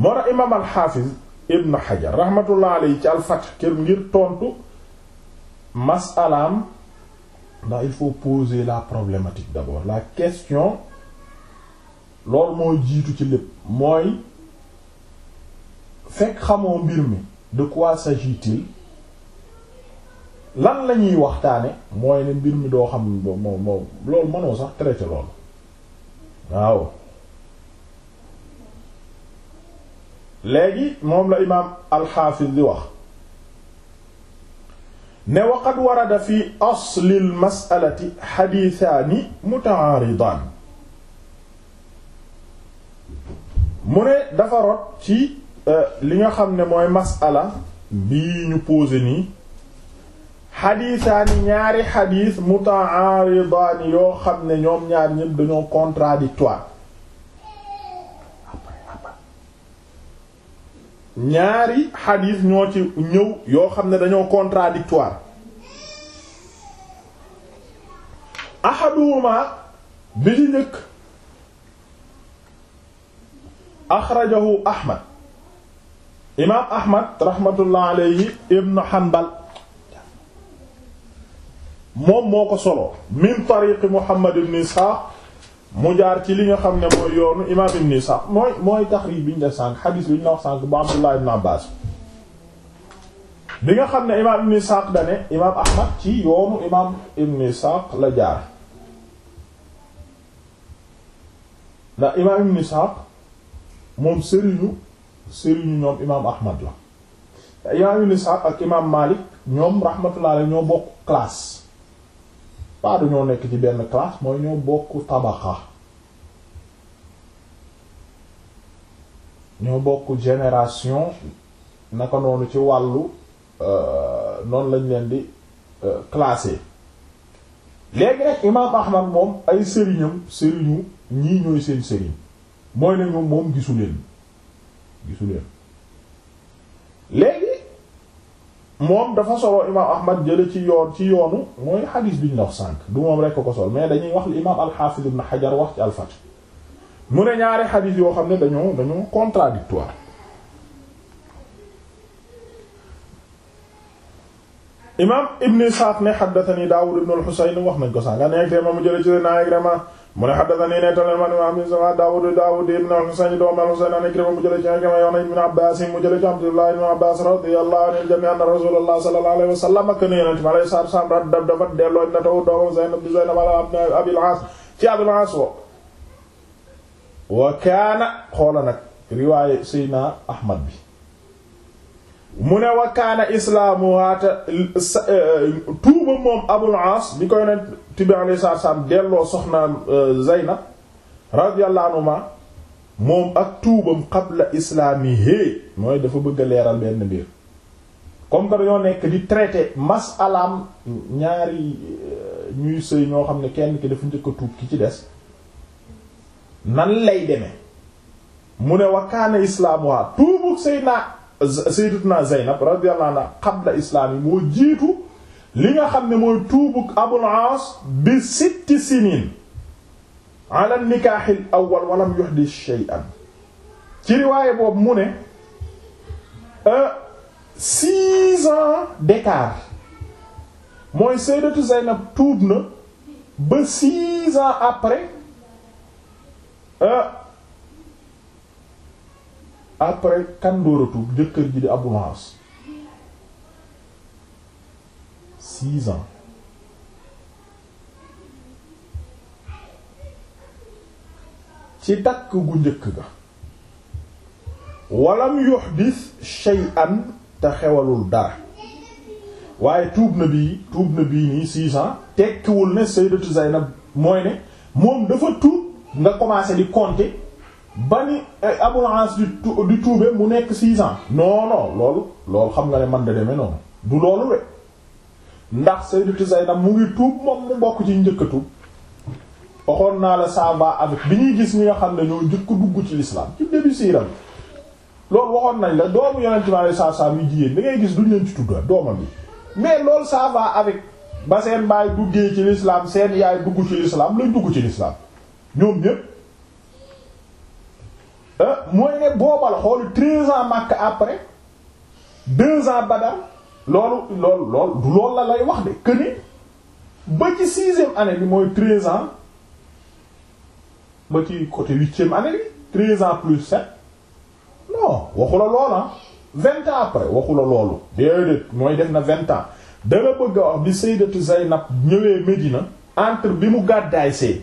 moo tax imaam ibn xajar rahmatullah alayhi ci alfath kër ngir tontu masalaam ndax il faut poser la problématique d'abord la question loolu moo jiitu ci lépp mooy fekk xamoo mbir mi de quoi s'agit-il lan lañuy waxtaane mooy ne mbir mi doo xam moom moom loolu mënoo sax traiter loolu waaw léegi moom la imaam alxaafiz di wax ne waqad warada fi asli almasalati xadiisaani mutaaridaan mu ne dafa rot ci euh, li nga xam ne mooy masala bii ñu posé nii xadiisaani ñaari xadiis mutaaridaan yoo xam ne ñoom ñaar ñépp dañoo contradictoire ñaari xadiis ñoo ci ñëw yoo xam ne dañoo contradictoire ahaduhuma bi ci njëkk axrajahu ahmad imaam ahmad rahmatullah alayhi ibnu hanbal moom moo ko solo min tariqi muhammad ibn mu jaar ci li nga xam ne mooy yoonu imaam ibn Isaaq mooy mooy taxriij bi ñu def sànq xadiis bi ñu la wax sànq bu Abdullah ibn Abbaas bi nga xam ne imaam ibn Isaaq dane imaam Ahmad ci yoonu imaam ibn Isaaq la jaar ndax imaam ibn Isaaq moom sëriñu sëriñu ñoom imaam Ahmad la imaam ibn Isaaq ak imaam Maalik ñoom rahmatullah ñoo bokk classe pas ñoo nekk ci benn classe mooy ñoo bokk tabaxa ñoo bokk génération naka noonu ci wàllu euh, noonu lañ leen di euh, classé léegi nag imaam Ahmad moom ay sëriñam sëriñu ñii ñooy seen sëriñ mooy ne moom gisu leen gisu leen moom dafa solo imaam ahmad jële ci yoon ci yoonu mooy xadiis bi ñu wax sànq du moom rekk ko sol mais dañuy wax li imaam alxaafis ibn xajar wax ci alfat mu ne ñaari xadiis yoo xam ne dañoo dañoo contradictoire imaam ibn isaaq ne xaddatani daawud ibn al xuseyn wax nañ ko sànq nga nekk te ma mu jële ci naa ikrama mu ne haddathanii nettali man imaam Isxaaq Daawuud Daawuud ibn Husayn doomu Husayn an Ikrima mu jëlee ci Ikrima yoon ibn Abbaas mu jëlee ci Abdullah ibn Abbaas radiyallahu anhu jamii'an anna Rasuulullah sallallahu alayhi wa sallam ak Yonent bi alayhi salaatu wa salaam daf dafa delloo ibnatahu doomu Zaynab di Zaynab ala Abil Aas ci Abil Aas wa wa kaana xoola nag riwaaye Seydina Ahmad bi mu ne wa kaana islaamu waata eh, tuuba moom Abul Aas bi ko Yonent bi alayhi salaam delloo soxnaam euh, Zaynab radiyallahu anha moom ak tuubam qabla islaamihi mooy dafa bëgg leeral benn mbir comme que dañoo nekk di traité masalaam ñaari euh, ñuy sëy ñoo xam ne kenn ki dafa njëkk a tuub ki ci des nan lay demee mu ne wa kaana islaamuha tuubug Seydina Sayyidatuna Zaynab radiyallahu anha qabla islaami moo jiitu. li nga xam ne mooy tuubug Abul Aas bi sitti siniin ala nikaaxil awwal walam yuhdi shay'an ci riwaaye boobu mu ne euh, six ans d'écart mooy Sayyidatu Zaynab tuub na ba six ans après euh, après kan dóora tuub jëkkër ji di Abul Aas six ci dakk gu njëkk ga walam yuhdis an te xewalul dara waaye tuub na bii tuub na bii nii six tekkiwul ne sayyidatu Zaynab mooy ne moom dafa tuub nga commencé di compter ba ni eh, Abul As di tuube mu nekk six ans loolu loolu xam nga ne man da demee noonu du loolu rek ndax Sayyidatu Zaynab mu ngi tuub moom mu bokk ci njëkk a tuub waxoon naa la ça va avec bi ñuy gis ñi nga xam ne ñoo njëkk a dugg ci l'islam ci début siiram loolu waxoon nañ la doomu Yonent bi sallallahu alayhi wasallam yi jigéen da ngay gis duñ leen ci tudd doomam yi mais loolu ça va avec ba seen baay duggee ci lislaam seen yaay dugg ci l'islam lañ dugg ci l'islam ñoom ñépp euh, mooy ne boobal xool treize ans Makka après deux ans Badar loolu loolu loolu du loolu la lay wax de que ni ba ci sixième année bi mooy treize ans ba ci côté huitième année bi treize ans plus sept non waxu la lool ah vingt ans après waxu la loolu déedéet mooy def na vingt ans dana bëgg a wax bi Sayyidatu Zaynab ñëwee Médina entre bi mu gàddaay see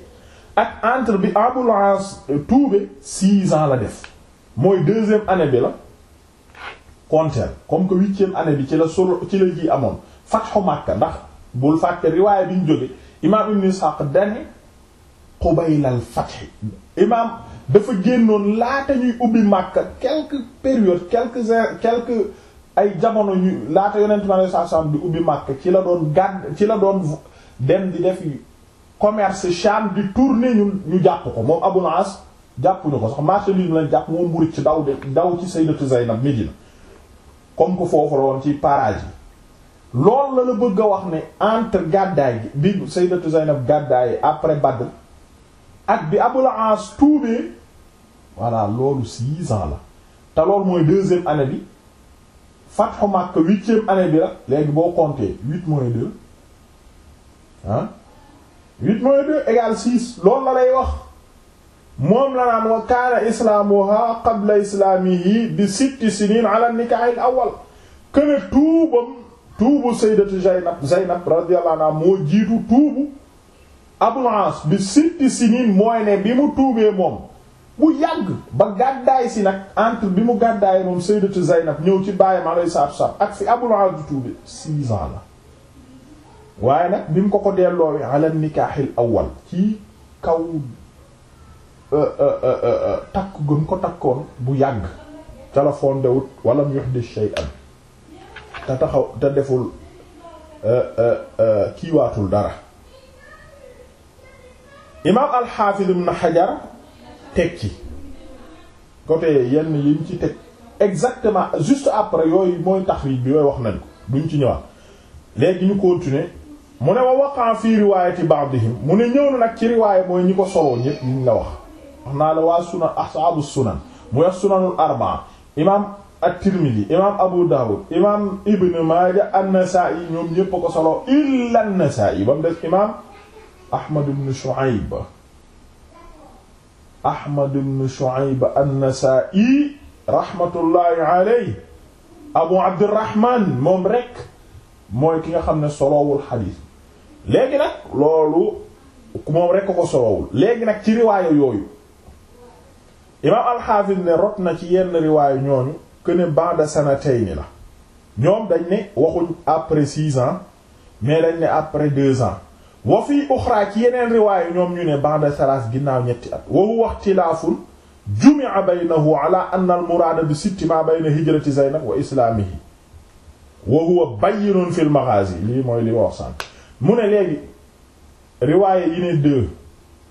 ak entre bi Abul As euh, tuube six ans la def mooy deuxième année bi la compter comme que huitième année bi ci la solo ci la ji amoon fatxu Makka ndax bul fàtte riwaaya bi ñu jóge imaam Ibn Ishaq dane qubaylal fatxi imaam dafa génnoon laata ñuy ubbi Makka quelques périodes quelques heures ay jamono ñu laata yonent mi alayhi salaatu bi ubbi Makka ci la doon gàdd ci la doon dem di def commerce Sham di tourner ñu ñu jàpp ko moom Abul As jàppuñu ko sax marché bi lañ jàpp moom mu rëcc daw de daw ci Sayyidatu Zaynab Medina comme que foofu la ci parage yi loolu la la bëgg a wax ne entre gàddaay gi bi Sayyidatu Zaynab gàddaay après Badr ak bi Abul As tuubee voilà loolu six ans la te loolu mooy deuxième année bi Fathu Makka huitième année bi la léegi boo compter huit moins deux ah huit moins deux égale six loolu la lay wax. moom la naan wa kaana islaamuha qabla islaamihi bi sitti siniin ala nikaahil awal këne tuubam tuubu sayyidatu Zaynab Zaynab radiyallahu anha moo jiitu tuubu Abul Aas bi sitti siniin mooy ne bi mu tuubee moom bu yàgg ba gàddaay si nag entre bi mu gàddaay moom sayyidatu Zaynab ñëw ci baayam alayhi salaatu wa salaam ak fi Abul Aas di tuubee six ans waaye nag bi mu ko ko delloowee ala nikaahil awal ci kaw Euh, euh, euh, takk gën ko takkoon bu yàgg ca la fondewut wala mu yox di shay'an te taxaw te deful kiiwaatul dara imaam alxaafiz na xajar teg ci côté yenn yiñ ci teg exactement juste après yooyu mooy taxriij bi yooyu wax nañ ko duñ ci ñëwaat léegi ñu continuer mu ne wa waqan fii riwaayati ba'dihim mu ne ñëw na nag ci riwaaya mooy ñi ko soloo ñépp ñu wax wax naa la waa sunan ashaabu sunan muy wax sunanul arbaa imaam at-Tirmidhi imaam Abu Dawud imaam Ibn Maaja an-Nasaa'i ñoom ñépp a ko solo illa an-Nasaa'i ba mu def imaam Ahmad ibn Shu'ayb Ahmad ibn Shu'ayb an-Nasaa'i rahmatullahi alayhi Abu Abdirrahman moom rek mooy ki nga xam ne solowul xadiis léegi nag loolu moom rek ko solowul léegi nag ci riwaayu yooyu imaam alxaafis ne rot na ci yenn riwaayu ñooñu que ne ba'da sanatayni la ñoom dañ ne waxuñ après six ans mais dañ ne après deux ans wa fii uxraa ci yeneen riwaayu ñoom ñu ne ba'da salaas ginnaaw ñetti at wa huwa ixtilaafun jumi'a baynahu ala anna al muraada bi sitti ma bayna hijrati Zaynab wa islaamihi wa huwa bayyinun fil maghaazi lii mooy li ma wax sànq mu ne léegi riwaaye yi ne deux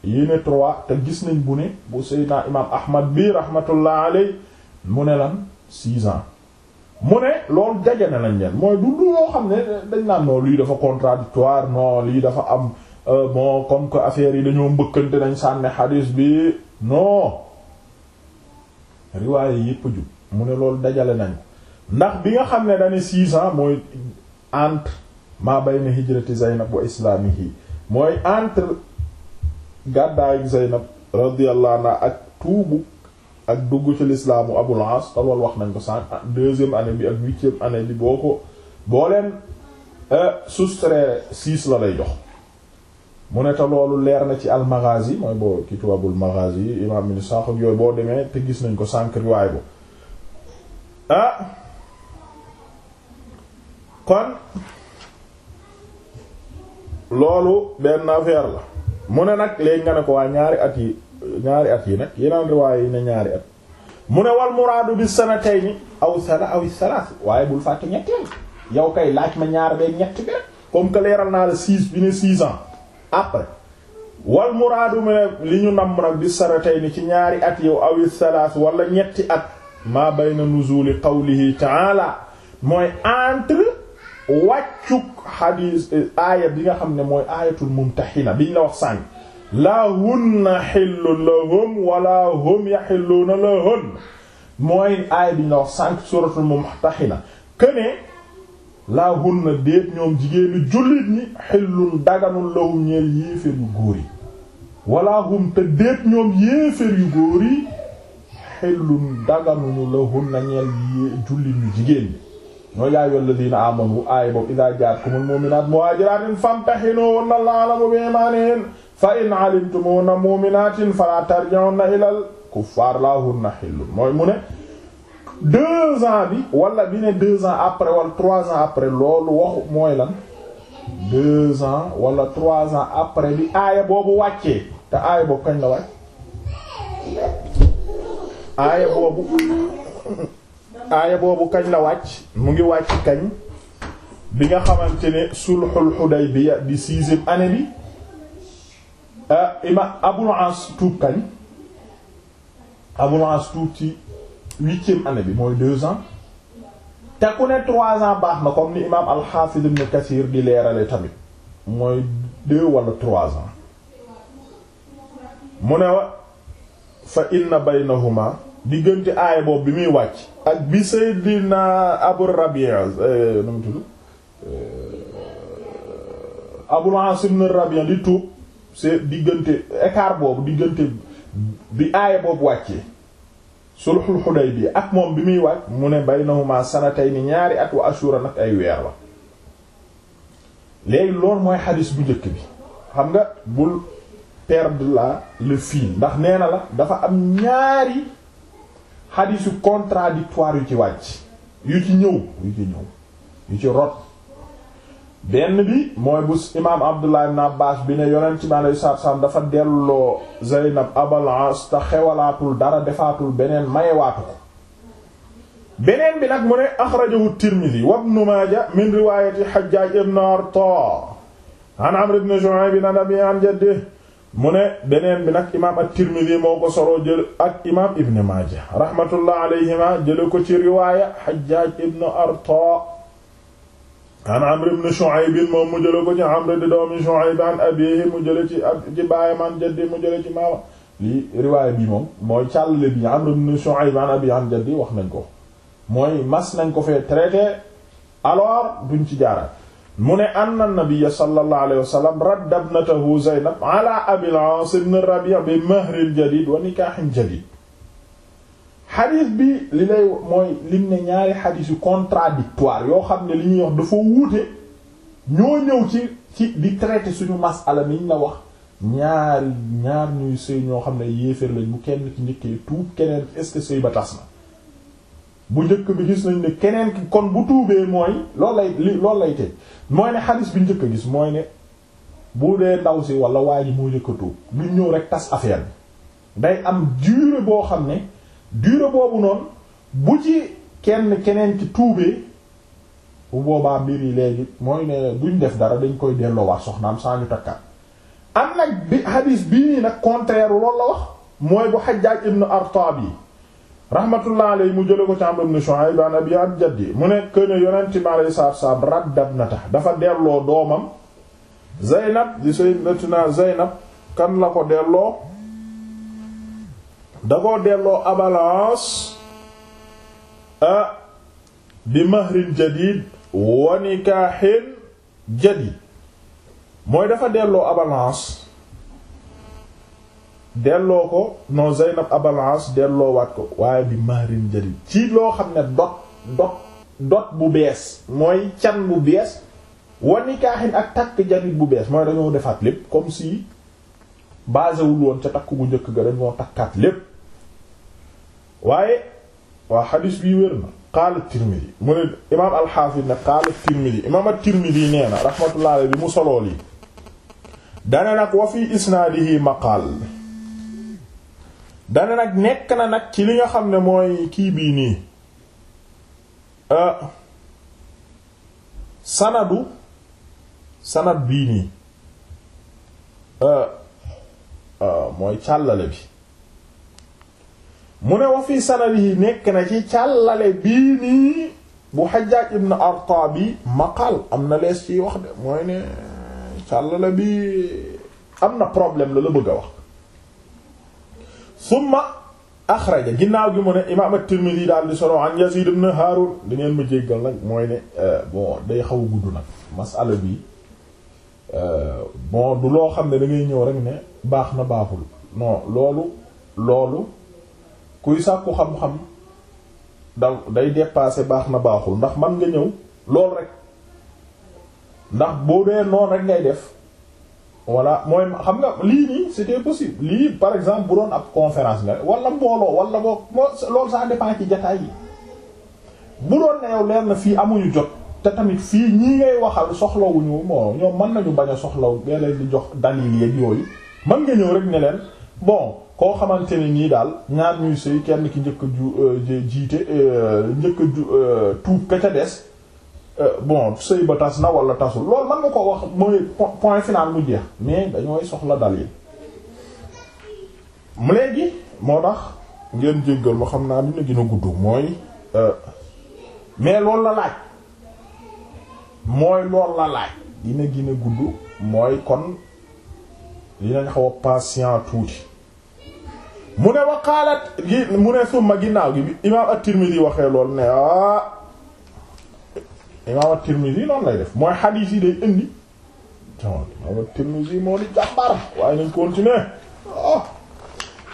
yéene trois te gis nañ bu ne bu Seydina imam Ahmad bi rahmatullah aley mu ne lan six ans mu ne lool daje na lañ leen mooy du loo xam ne dañ naan non lii dafa contradictoire non lii dafa am euh, bon comme que affaire yi dañoo mbëkkante nañ sànni xadiis bi non riwaaye yépp jub mu ne loolu dajale nañ ndax bi nga xam ne dañu six ans mooy entre maa bayna hijrati Zaynab wa islamihi mooy entre gàddaayu Zeynab radiyallahu anha ak tuubu ak dugg ci lislaamu Abul As te loolu wax nañ ko sànq ah, deuxième année bi ak huitième année bi boo ko boo leen euh, soustraire six la lay jox mu ne te loolu leer na ci al-Maghazi mooy boo kitaabul Maghazi imaam ibn Sa'd ak yooyu boo demee te gis nañ ko sànq riwaay bo ah kon loolu benn affaire la mu ne nag léegi nga ne ko waa ñaari at yi ñaari at yi nag yeneen riwaay yi ne ñaari at mu ne wal muraadu bi sanatayni aw sana awi salaas waaye bul fàtte ñetteel yow kay laaj ma ñaar beeg ñett bi comme que leeral naa la six bi ne six ans après wal muraadu mu li ñu namm nag bi sanatayni ci ñaari at yow aw salaas wala ñetti at maa bayna nuzuli qawlihi ta'ala mooy entre wàccug xadiis eh, aaya bi nga xam ne mooy aayatul mumtaxina biñ la wax sànq laa hunna na lahum wala hum yaxilluuna lahun mooy aaya biñ la wax sànq suratul mumtaxina këne laa hunna déet ñoom jigéenu jullit ñi xillun daganul lahum ñeel yéeféer yu góor yi wala hum te déet ñoom yéeféer yu góor yi xillun daganuñu lahunna ñeel jullit ñu jigéen ñi ñoo yaa ayyuhal ladina amanu aaya boobu idaa jaa'akumul mu'minaat muhaajiraatin famtahinuhunna wa'lamu bi fa in alimtumuhunna mu'minaatin falaa tarji'uhunna ilal kuffaar laa hunna hillun mooy mu ne deux ans bi wala bi ne deux ans après wala loolu waxu mooy lan deux ans wala trois ans après bi aaya boobu wàccee te aaya boobu kañ aaya boobu aaya boobu kañ la wàcc mu ngi wàcc kañ bi nga xamante ne sulhul Hudaybiya di sixième année bi ah, ima Abul As tuub kañ Abul As tuub ci huitième année bi mooy deux ans te ku ne trois ans baax na comme ni imaam al-Hafiz Ibn Kathir di leerale tamit mooy deux wala trois ans mu ne fa inna baynahuma diggante aaya boobu bi muy wàcc ak bi Seydina Abu Rabi'a eh, nu mu tudd eh, Abul Asim ibn Rabi'a di tuub c'est diggante écart boobu diggante bi aaya boobu wàccee sulhul Hudaybiya ak moom bi muy wàcc mu ne bay baynahuma ni ñaari at wa ashura nag ay weer la léegi loolu mooy xadis bu njëkk bi xam nga bul perdre la le ndax nee na la dafa am ñaari xadiis yu contradictoire yu ci wàcc yu ci ñëw yu ci ñëw yu ci rot benn bi mooy bu imaam Abdullah ibn Abbas bi ne yonent ci maanaam saabsaab dafa delloo Zeynab Abal As te xewalaatul dara defaatul beneen mayewaatu ko beneen bi nag mu ne axrajahu Tirmidhi wa Ibn Maaja min riwaayati Hajjaaj ibn Arta an Amr ibn Shu'ayb an abiihi an jaddihi mu ne beneen bi nag imaam at-Tirmidhi moo ko soroo jël ak imaam Ibn Maaja rahmatullah alayhima jële ko ci riwaaya Hajjaaj ibn Arta an Amr ibn Shu'ayb moom mu jële ko ci Amr di doomi Shu'ayb an abiihi mu jële ci ab ci baayam an jaddi mu jële ci maama lii riwaaya bi moom mooy càllale bi Amr ibn Shu'ayb an abiihi an jaddi wax nañ ko mooy mas nañ ko fee traité alors duñ ci jaaraat mu ne anna nabiyya sallallahu alayhi wa sallam radda ibnatahu Zaynab ala Abil Aas ibn Rabi' bi mahrin jadid wa nikahin jadid xadis bi li lay mooy lim ne ñaari xadis yu contradictoire yoo xam ne li ñuy wax dafa wuute ñoo ñëw ci ci di traiter suñu masala miñ la wax ñaari ñaar ñuy sëy ñoo xam ne yéeféer lañ bu kenn ci njëkkee tuub keneen est-ce que sëy ba tas na bu njëkk bi gis nañ ne keneen ki kon bu tuubee mooy loolu lay li loolu lay teg mooy ne xadis bi njëkk a gis mooy ne bu dee ndaw si wala waa ji moo njëkk a rek tas day am durée boo xam ne durée boobu noonu bu ci kenn keneen ki tuubee boobaa mbir yi léegi mooy ne duñ def dara dañ koy delloowaat soxnaam saa ñu takkaat am nag bi xadis bii nii nag contraire loolu la wax mooy bu Hajjaj ibn Artab yi rahmatullah alayhi mu jële ko ci Amr ibn Shu'ayb an abi an jaddi mu ne këne yonent mi alayhi salaatu raddab na tax dafa delloo doomam Zeynab di sayyidatuna Zeynab kan la ko delloo da koo delloo abalance ah bi mahrin jadid wa nikaahin jadid mooy dafa delloo abalance delloo ko non Zeynab Abal As delloowaat ko waaye bi mahrin jadid ci loo xam ne dot dot dot bu bees mooy can bu bees wa ak takk jadid bu bees mooy dañoo defaat lépp comme si basé wul woon ca takk gu njëkk ga dañoo takkaat lépp waaye waa xadiis bi wér na qaala Tirmidi mu ne imaam alxaafis ne qaala Tirmidi imaam at nee na rahmatullahi bi mu soloo lii dana nag wa fi isnaadihi maqaal dana nag nekk na nag ci li nga xam ne mooy kii bii nii euh, sanadu sanad bii nii euh, euh, mooy càllale bi mu ne wa fii sanadihi nekk na ci càllale bii nii bu Hajjaj ibn Artabi maqal am na lees ciy wax de mooy ne càllale bi am na problème la la bëgg a wax summa axraja ginnaaw gi mu ne imaam at-Tirmidhi daal di solo an Yazid ibn Harun di ngeen ma jéggal nag mooy ne euh, bon day xaw a gudd nag masala bi euh, bon du loo xam ne da ñëw rek ne baax na baaxul non loolu loolu kuy sàkku xam-xam da day dépasser baax na baaxul ndax man nga ñëw loolu rek ndax boo dee noonu rek ngay def voilà mooy xam nga lii nii c'était possible lii par exemple bu doon ab conférence na walla mbooloo wala boo loolu ça dépend ci jataay yi bu doon ne yow leer na fii amuñu jot te tamit fii ñii ngay waxal soxlawuñu moo ñoom mën nañu bañ a soxlaw bee leen di jox dalil yeeg yooyu mën nga ñëw rek ne leen bon koo xamante ne nii daal ñaar ñuy sëy kenn ki njëkk a ju euh, jiite euh, njëkk a ju euh, tuub ka ca des Euh, bon sëy ba tas na wala tasu loolu mën nga ko wax mooy point final mu jeex mais dañooy soxla dalil mu léegi moo tax ngeen jéggal ma xam naa dina gën a gudd mooy euh, mais loolu la laaj mooy loolu la laaj dina gën a gudd mooy kon dinañ xaw a patient tuuti mu ne waqaalat gi mu ne summa ginnaaw gi bi imaam at-Tirmidhi waxee lool ne ah imaam a tirmidhi noonu lay def mooy xadiis yi indi moo di jàmbaar waaye nañ continuer oh.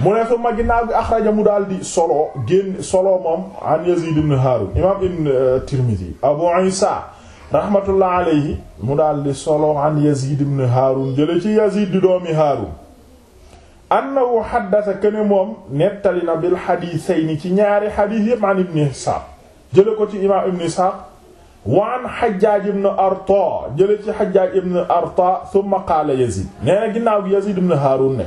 mu ne suma ginnaaw bi axraja mu daal di solo génn solo moom an Yazid ibn Harun imaam ibn uh, Tirmidhi Abu Isa rahmatullah mu daal di solo an Yazid ibn Harun jële ci Yazid di doomi Harun annahu xaddasa kene moom nettali na bil xadiisayni ci ñaari xadiis yépp an ibn Isaaq jële ko ci imaam ibn Isaaq waan Hajjaaj ibn Arta jële ci Hajjaaj ibn Arta thumma qaala Yazid nee na ginnaaw gi Yazid ibn Haarun ne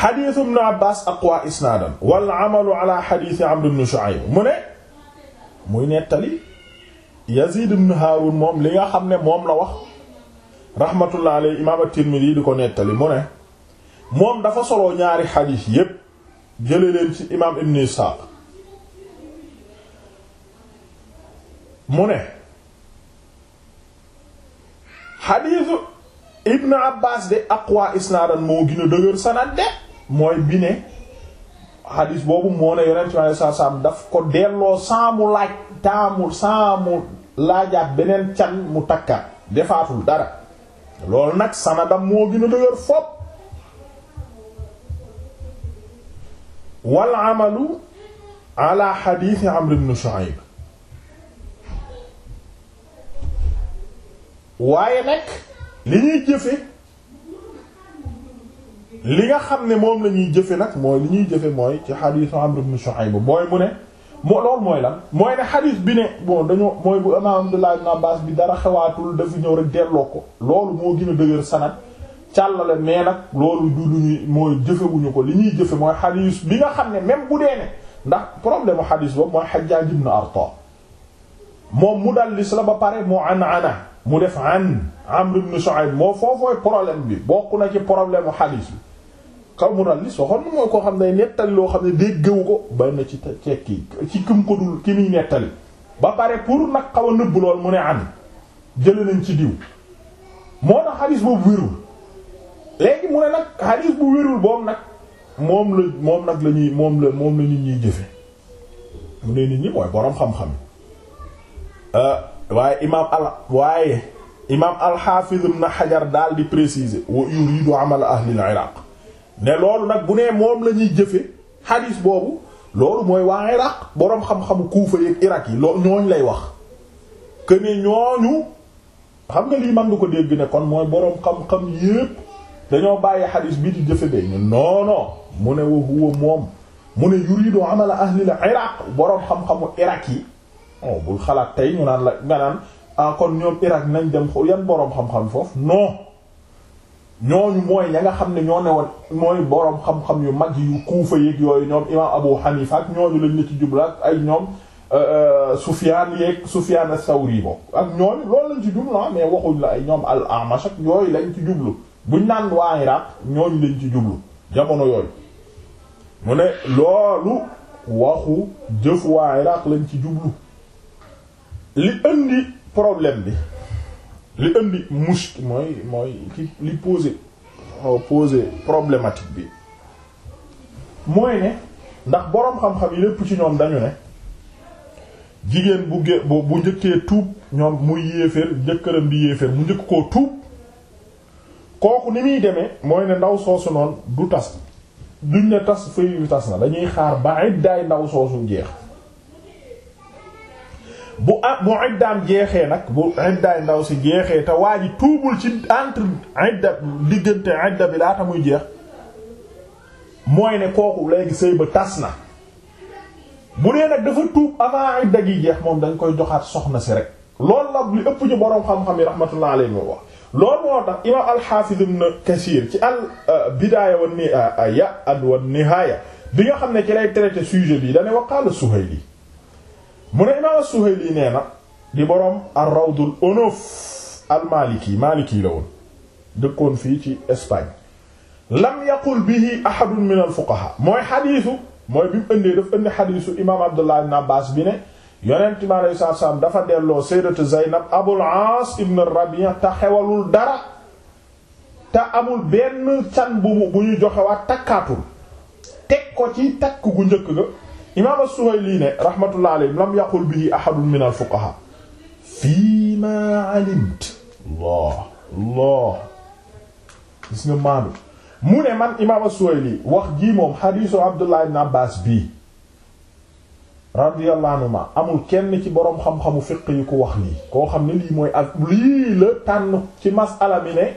xadiisu ibn Abbaas aqwa isnaadan wal amalu ala xadiisi Amr ibn Shu'ayb mu ne muy nettali Yazid ibn Haarun moom li nga xam ne moom la wax rahmatullah alayhi imaam at-Tirmidhi di ko nettali mu ne moom dafa solo ñaari xadiis yépp jële imaam Ibn Isxaaq mu ne xadiisu ibnu abbas de aqwa isnaadan moo gën a dëgër sanad de mooy bi xadiis boobu moo ne yonent bi alayhi salaatu salaam daf ko delloo saamu laaj taamul saamu laajaat beneen can mu takkaat defaatul dara loolu nag sanadam moo gën a dëgër fopp wal amalu ala xadiisi amr ibn shu'ayb waaye nag li ñuy jëfe li nga xam ne moom la ñuy jëfe nag mooy li ñuy jëfe mooy ci xadiisu Amr ibn Shuayb mooy mu ne moo loolu mooy lan mooy ne xadiis bi ne bon dañoo mooy bu imaam Abdullah ibn bi dara xewaatul dafa ñëw rek delloo ko loolu moo gën a dëgër sanad càllale mais nag loolu du lu ko li ñuy jëfe mooy xadiis bi nga xam ne même bu dee ne ndax problème u xadiis boobu mooy Hajjaj ibn Arta moom mudallis la ba pare moo an ana mu def am Amr nu Shu'ayb moo foofooy problème bi bokk na ci problème xadiis bi kaw mudallis waxoon mooy koo xam ne nettali loo xam ne déggewu ko bay ci cekki ci kim ko dul ki muy nettali ba pare pour nag xaw a nëbb lool mu ne an jële nañ ci diw moo tax xadiis boobu wérul léegi mu ne nag xadiis bu wérul boobu nag moom la moom nag la ñuy moom la moom la nit ñuy jëfe mu ne nit ñi mooy boroom xam-xam waaye imaam al waaye imaam al-Hafiz ibn Hajar daal di préciser wa yuridu amal ahlil iraq ne loolu nag bu nee moom la ñuy jëfe xadiis boobu loolu mooy waa iraq boroom xam-xamu Kuufa yeeg iraq yi loo ñooñ lay wax que ne ñooñu xam nga lii man di ko dégg ne kon mooy boroom xam-xam yépp dañoo bàyyi xadiis bi di jëfe day non non mu ne wa moom mu ne yuridu amal ahlil iraq boroom xam-xamu iraq yi oh bul xalaat tey ñu naan la nga naan ah kon ñoom Irak nañ dem yan boroom xam-xam foofu non ñooñu mooy ña nga xam ne ñoo ne woon mooy boroom yu mag yu kuufa yeeg yooyu ñoom imaam ñooñu lañ la ci jublu ay ñoom euh, euh, Sufyaan yeeg Sufyaan as-Sawri bo ah, mais waxuñ la ay ñoom al-Amash ak yooyu lañ ci jublu buñ naan waa Irak ñooñu lañ ci jublu jamono yooyu mu ne loolu waxu jëf waa Irak lañ ci jublu. li indi problème bi li indi musk mooy mooy ci li poser pose problématique bi mooy ne ndax boroom xam-xam yi lépp ci ñoom dañu ne jigéen bu ge bu njëkkee tuub ñoom muy yéeféer njëkkëram di yéeféer mu njëkk koo tuub kooku ni muy demee mooy ne ndaw soosu noon du tas duñ ne tas fay tas na dañuy xaar ba ay daay ndaw soosu jeex bu bu iddaam jeexee nag bu iddaay ndaw si jeexee te waa ji tuubul ci entre idda diggante idda laata muy jeex mooy ne kooku léegi sëy ba tas na bu dee nag dafa tuub avant idda gi jeex moom dañ koy joxaat soxna si rek loolu la li ëpp ñu boroom xam-xam yi rahmatullah alayhi wax lool moo tax imaam al-Hafiz ibn Kathir ci al euh, bidaaya wa niya euh, ad wa nihaaya bi nga xam ne ci lay traité sujet bi dane waqaala Suhayli mu ne imaam as-Suhayli nee na di boroom ar-Rawdul Unuf al la woon dëkkoon fii ci Espagne lam yaqul bihi ahadun min al-fuqaha mooy xadiisu mooy bi mu ëndee daf ëndi xadiisu imaam Abdullah ibn Abbas bi ne yonent mi dafa delloo sayyidatu Zaynab Abul Aas ibn Rabi'a te xewalul dara te amul benn can bu bu ñu joxewaat takkaatul teg ko ci takk gu njëkk ga imaam as-Suhayli ne rahmatullahi alayhi lam yaqul bihi ahadun min al-fuqaha fii ma alimt Allah Allah mu ne man imaam as-Suhayli wax jii moom xadiisu Abdullah ibn Abbas bii radiyallahu anhuma amul kenn ci boroom xam-xamu fiq yi ku wax lii koo xam ne lii mooy ak lii la tànn ci masala mi ne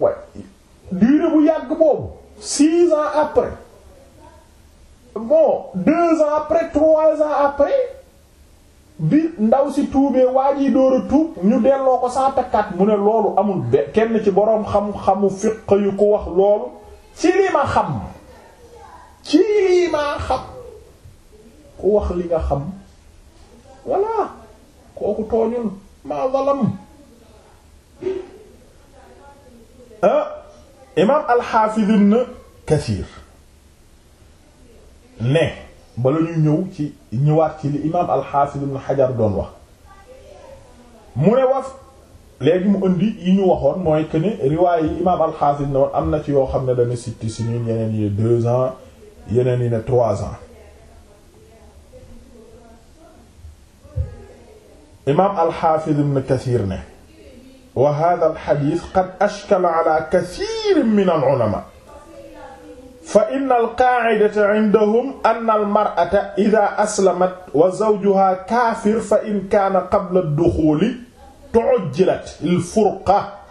waaye diire bu yàgg boobu six ans après bo deux ans après trois ans après bi ndaw si tuubee waa ji door tuub ñu delloo ko cent quatre mu ne loolu amul kenn ci boroom xam-xamu fiq yu ko wax loolu ci li xam ci li xam ku wax li nga xam voilà kooku tooñul ma zalam ah imaam al-Hafiz ne bala ñu ñëw ci ñëwaat ci li imaam alxaafis ibn xajar doon wax mu ne waf léegi mu indi yi ñu waxoon mooy que ne riwaay imaam alxaafis ne am na ci yoo xam ne dana sitti si ñun yeneen yi deux ans yeneen yi ne trois ans imaam alxaafis ibn kasiir ne wa hada alxadis qad ala kasiirin min al ulama fa inna alqaacidata indahum anna almar'ata ida aslamat wa zawjuha kaafir fa in kaana qabla duxuuli tu'jilat alfurqa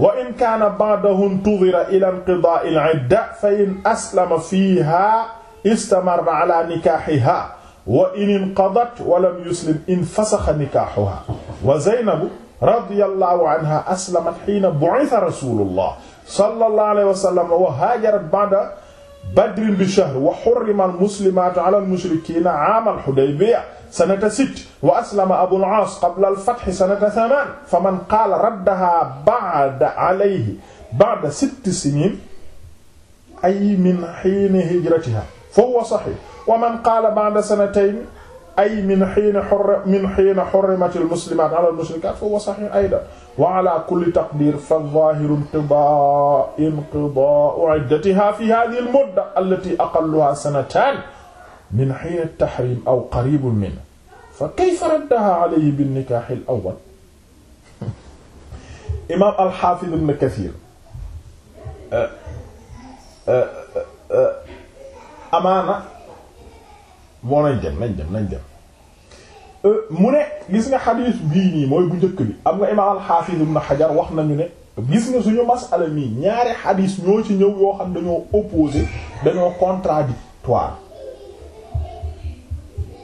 wa in kaana ba'dahu intudira ila inqidaa'i al'idda fa in aslama fiiha istamarra ala nikaaxiha wa in inqadat wa lam yuslim infasaxa nikaaxuha wa zaynabu radiyallahu anha aslamat xiina bu'itha rasulullah sallallahu alayhi wa sallam wa haajarat ba'da badrin bi shahr wa hurrima al-muslimaatu ala al-mushrikiina aam al-Hudaybiya sanata sitt wa aslama Abul Aas qabla al-fath sanata thamaan faman qaala raddahaa ba'da alayhi ba'da sitti siniin ay min hiini hijratihaa fahuwa sahiih wa man qaala ba'da sanatayn ay min hiini hurrimat al-muslimaatu ala al-mushrikaat fahuwa sahiih aydan wa ala kulli taqdir fa zahiru inqidaa'u iddatiha fi hadhihi al-mudda allati aqalluha sanatan min hin at-tahrim aw qaribun min fa kayfa raddaha alayhi bin-nikah al-awwal imam al-hafiz ibn kathir eh, eh, eh, amaana moo nañ dem nañ dem nañ dem Euh, mu ne gis nga xadiis bii nii mooy bu njëkk bi am nga imaam al-Hafiz ibn Hajar wax nañu ne gis nga suñu masala mii ñaari xadiis ñoo ci ñëw yoo xam dañoo opposé dañoo contradictoire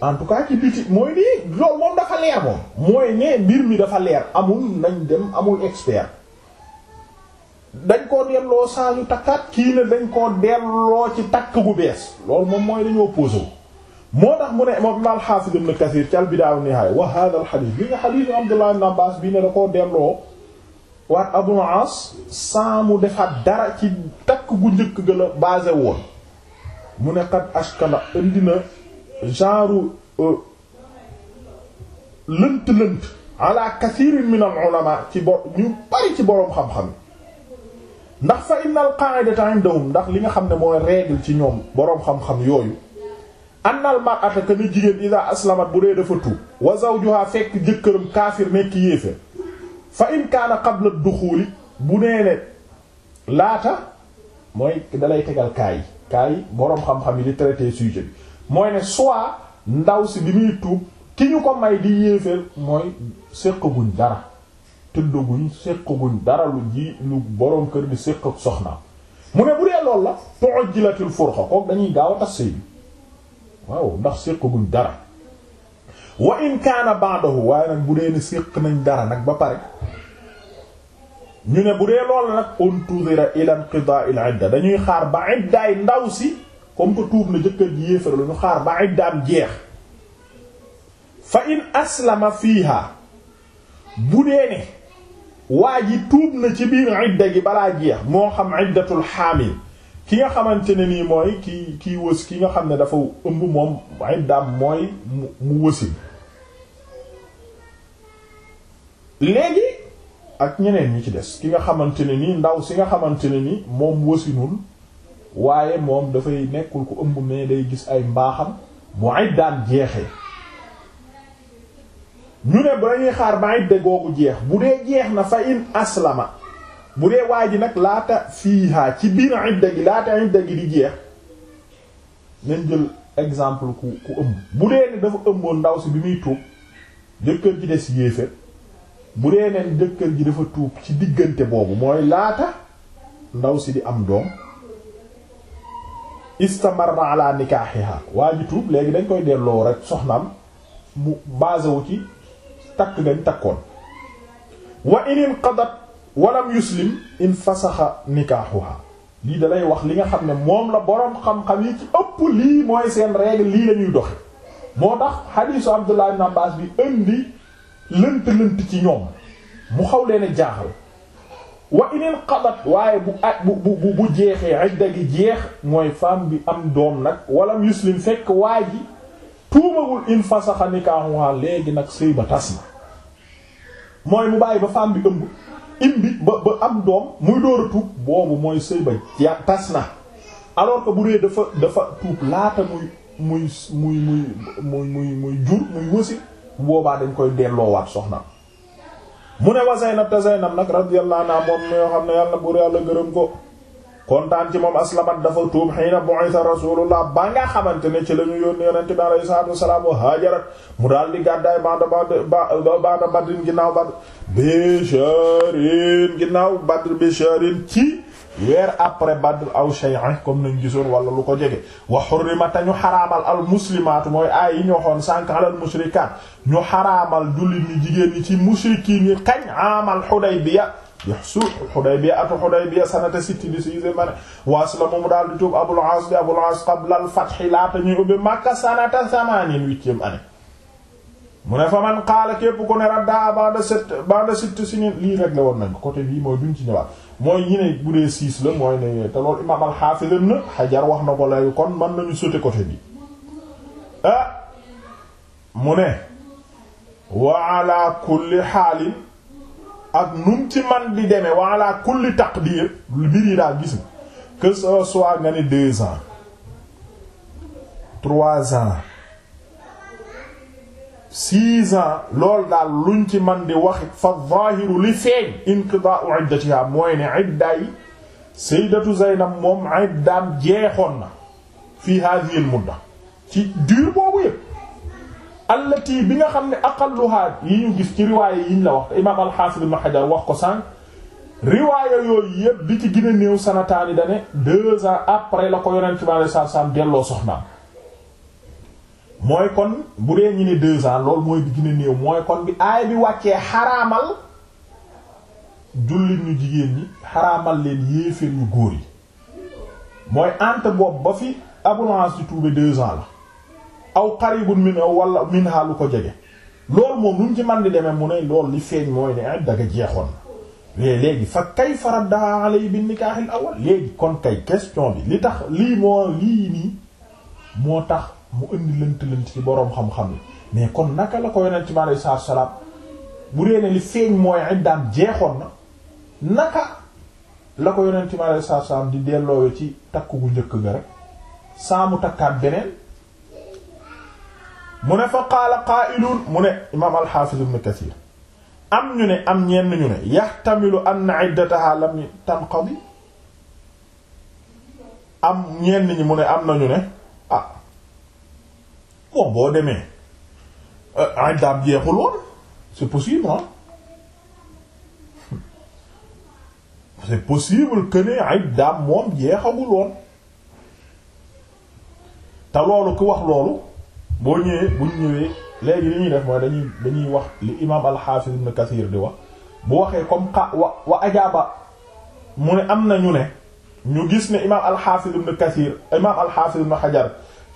en tout cas ci biti mooy nii loolu moom dafa leer moom mooy ne mbir mi dafa leer amul nañ dem amul expert dañ koo delloo saa ñu takkaat kii ne dañ koo delloo ci takk bu bees loolu moom mooy dañoo opposé moo tax mu ne moom imaam al-Hafiz ibn Kathir ci al-Bidaaya wa an-Nihaaya wa haadha al-hadiis bi nga hadiisu Abdullah ibn bi ne da koo delloo waat Abul Aas sans mu defaat dara ci takk gu njëkk ga la basé woon mu ne qad ashkala indi na genre euh, lënt-lënt ala kathirin min ulamaa ci bo ñu bari ci boroom xam-xam ndax fa inna al-qaa'idata indahum ndax li nga xam ne mooy règle ci ñoom boroom xam-xam yooyu annal mar'ata que ni jigéen iza aslamat bu dee dafa tuub wa zawjuha fekk jëkkëram kaafir nekk yéefér fa in kaana qabla duxuuli bu nee ne laata mooy dalay tegal kaay kaay boroom xam-xam yi di traité sujet bi mooy ne soit ndaw si bi muy tuub ki ñu ko may di yéeféer mooy séqaguñ dara tëddaguñ séqaguñ dara lu ji lu boroom kër bi séq ak soxnaam mu ne bu dee loolu la tooj jilatil furxa kook dañuy gaaw a tas sëy waaw ndax séqaguñ dara wa in kaana ba'dahu waaye nag bu dee ne séq nañ dara nag ba pare ñu ne bu dee lool nag untudira ila inqida'il idda dañuy xaar ba iddaay ndaw si comme que tuub na jëkkër ji yéefar la ñu xaar ba iddaam jeex fa in aslama fiiha bu dee ne waa ji tuub na ci biir idda gi balaa jeex moo xam iddatul xaamil ki nga xamante ne nii mooy ki kii wës ki nga xam ne dafa ëmb moom ay daam mooy mu wësin léegi ak ñeneen ñi ci des ki nga xamante ne nii ndaw si nga xamante ne nii moom wësinul waaye moom dafay nekkul ko ëmb mais day gis ay mbaaxam bu ay daan jeexee ñu ne ba dañuy xaar ba ay dégoogu jeex bu dee jeex na fa in aslama bu dee waa ji nag laata fiihaa ci biir idda gi laata idda gi di jeex nañ jël exemple ku ëmb bu dee ne dafa ëmboon ndaw si bi muy tuub jëkkër ji des yéeféer bu dee ne jëkkër ji dafa tuub ci diggante boobu mooy laata ndaw si di am doom istamarra ala nikaahiha waa ji tuub léegi dañ koy delloo rek soxnaam mu basé ci takk gañ takkoon wa in qadat walam yuslim in fasaxa nikaaxuha lii dalay wax li nga xam ne moom la boroom xam-xam yi ci ëpp lii mooy seen règle lii lañuy doxe moo tax xadiisu Abdullah ibn Abbas bi indi lënt lënt ci ñoom mu xaw leen jaaxal wa ineen xabat waaye bu aj bu bu bu jeexee idda gi jeex mooy femme bi am doom nag walam yuslim fekk waa ji tuumawul in fasaxa léegi nag sëy ba tas na mooy mu bàyyi ba femme bi ëmb imbi ba ba am doom muy door a boobu mooy sëy ba ya tas na alors que bu dee dafa dafa tuub laata muy muy muy muy muy muy muy jur muy wësi boobaa dañ koy delloo waat soxna mu ne wa Zaynab te Zaynab nag radiyallahu anha moom ñoo xam ne yàlla buur yàlla gërëm ko kontaan ci moom aslamat dafa tuub xiina bu'itha rasulullah ba nga xamante ne ci la ñu yónni yonente bi alayhi salaatu wasalaam wa haajarat mu daal di gàddaay banda bada banda badrin ginnaaw badr bisharin ginnaaw badr bisharin ci weer après badr aw shay'an comme nañ gisoon wala lu ko jege wa hurrimata ñu xaraamal al muslimaatu mooy aay yi ñu waxoon sànk alal mushrikaat ñu xaraamal jullit ñi jigéen ñi ci mushrikiin yi kañ amal Hudaybiya su Hudaybiya atu Hudaybiya sanata sitti di sixième année wa aslama mu daal di tuub Abul Aas di Abul Aas qabla al-fath laata ñuy ubbi Makka sanata samaanin huitième année mu ne fa man qaala képp ku ne radda ba'da sitt ba'da sitt sinin lii rek la woon nañ côté bii mooy duñ ci ñëwaat mooy ñi ne bu dee six la mooy ne te loolu imaam al-Hafiz Ibn Hajar wax na ko léegi kon mën nañu sauter côté bi ah mu ne wa ala kulli haalin ak num ci man di demee wala kulli taqdir mbir yi daal gis nga que ce soit nga ne deux ans daal luñ ci man di wax fa zahiru li feeñ inqidaa'u iddatiha mooy ne iddaay sayyidatu Zaynab moom iddaam jeexoon na fii hadhihi al mudda ci diir boobu yëpp allati bi nga xam ne aqalluha yi ñu gis ci riwaaya yi ñu la wax imaam al-Hafiz Ibn Hajar wax ko sànq riwaaya yooyu yëpp bi ci gën a néew sanataani dane deux ans après la ko yonent bi alayhi salaatu salaam delloo soxnaam mooy kon bu dee ñu ne deux ans loolu mooy bi gën néew mooy kon bi aay bi wàccee xaraamal jullit ñu jigéen ñi xaraamal leen yéeféer yu góor yi mooy entre boobu ba fi Abul As di tuube deux ans la aw qaribun min wala min ha lu ko jege loolu moom lu mu ci man di demee mu ne loolu li feeñ mooy ne ay ah daga jeexoon mais léegi fa kayfa bi nikaahil awal léegi question bi li tax lii moo moo tax mu indi lënt lënt ci boroom xam-xam kon naka la ko yonent bi aleyhi salaatu bu dee ne li feeñ mooy iddaam na naka la ko yonent bi aleyhi wa salaam di delloowe ci takk gu njëkk ga rek saa mu takkaat beneen mu ne fa qaala qaa'ilun mu ne imaam al-Haafiz ibn Kasiir am ñu ne am ñenn ñu ne yaxtamilu anna iddataha lam tanqadi am ñenn ñi mu ne am nañu ne ah bon boo demee euh, iddaam jeexul woon c'est possible c'est possible que ne iddaam moom jeexagul te loolu ku wax loolu boo ñëwee buñ ñëwee léegi li ñuy def mooy dañuy dañuy wax li imaam al-Hafiz Kathir di wax bu waxee comme xa wa wa ajaaba mu ne am na ñu ne ñu gis ne imaam al-Hafiz ibn Kathir imaam al-Hafiz ibn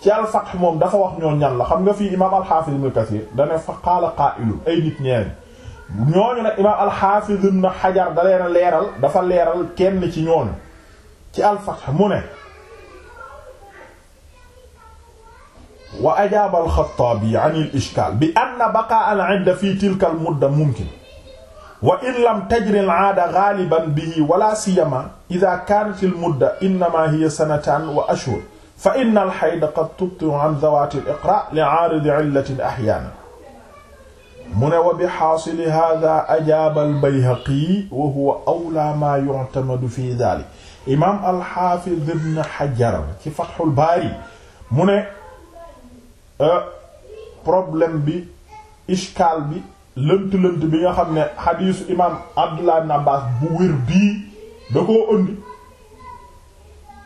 ci al-Fath moom dafa wax ñoo ñan la xam nga fii imaam al-Hafiz ibn Kathir dane fa qaala qaa'ilun ay nit ñeeni ñooñu nag imaam al-Hafiz ibn da leen leeral dafa leeral kenn ci ñooñu ci al mu ne wa ajaaba alxataabi an il ishkaal bi anna baqaa al idda fi tilka al mudda mumkin wa in lam tajri al aada gaaliban bihi wala siyama ida kaanat al mudda innama hiya sanataan wa ashhur fa inna al xayda qad tubtiu an dawaati al iqra li aaridi illatin axyaanan mu ne wa bi xaasili hada ajaaba al bayhaqi wa huwa awlaa maa yu'tamadu fi daalik imaam al xaafiz ibn xajar ci fatxul baari mu ne Euh, problème bi ishkaal bi lënt-lënt bi nga xam ne xadiisu imaam Abdullah ibn Abbas bu wér bii da koo ëndi